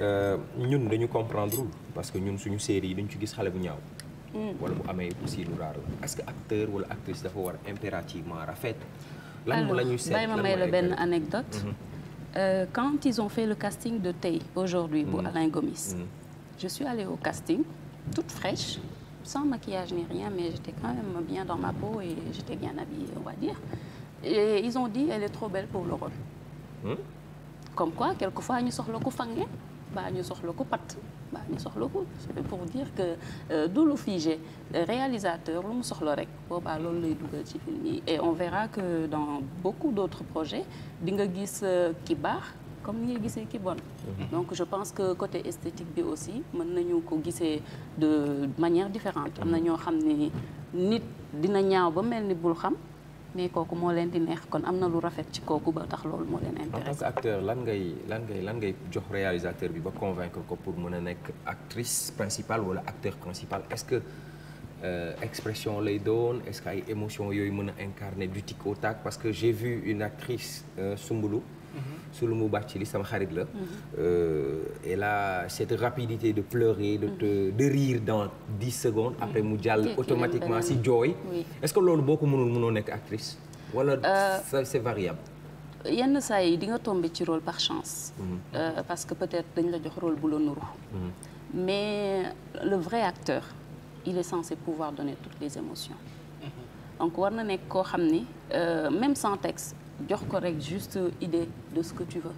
Euh, ñun dañu comprendre parce que ñun suñu série yi dañu ci gis xale bu ñaaw. Mm. wala bu amee aussi lu raar la est que acteur wala actrice dafa war impérativement rafet. lan la ñuy seet ma may la benn anecdote mhm. Euh, quand ils ont fait le casting de Tay aujourd'hui pour mmh. Alain Gomis. Mmh. Je suis allée au casting, toute fraîche, sans maquillage ni rien, mais j'étais quand même bien dans ma peau et j'étais bien habillée, Et ils ont dit, elle est trop belle pour le rôle. Hmm? Comme quoi, quelquefois, ñu baa ñu soxla ko pat mbaa ñu soxla ko c'est pour dire que euh, du lu figé euh, réalisateur lu mu soxla rek boobaa loolu lay dugal ci film yi et on verra que dans beaucoup d'autres projets di nga gis euh, ki baax comme ni nga gisee ki bon mm-hmm. donc je pense que côté esthétique bi aussi mën nañu ko gisee de manière différente am na ñoo xam ni nit dina ñaaw ba mel ni bul xam mais kooku moo leen di neex kon am na lu rafet ci kooku ba tax loolu moo leen intéressé. que acteur lan ngay lan ngay jox réalisateur bi ba convaincre ko pour mën a nekk actrice principale wala acteur principal est-ce que euh, expression lay doon est-ce que ay émotion yooyu mën a incarner du tic au tac parce que j'ai vu une actrice euh, Soumboulou. Mm-hmm. Souloumou Bathily sama xarit la. Mhm. et euh, là cette rapidité de pleurer de te mhm. de rire dans dix secondes. après mhm. mu jàll automatiquement si jooy. est-ce que loolu boo ko mënul mënoo nekk actrice. wala euh, c'est variable. yenn saa yi di nga tomber ci rôle par chance. Euh, parce que peut-être dañ la jox rôle bu la nuru. mais le vrai acteur il est censé pouvoir donner toutes les émotions. donc war na nekk koo xam ni même sans texte. jox ko rek juste idée de ce que tu veux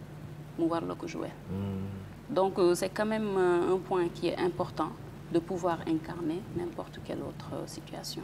mu war la ko jouer hmm. donc euh, c'est quand même euh, un point qui est important de pouvoir incarner n'importe quelle autre euh, situation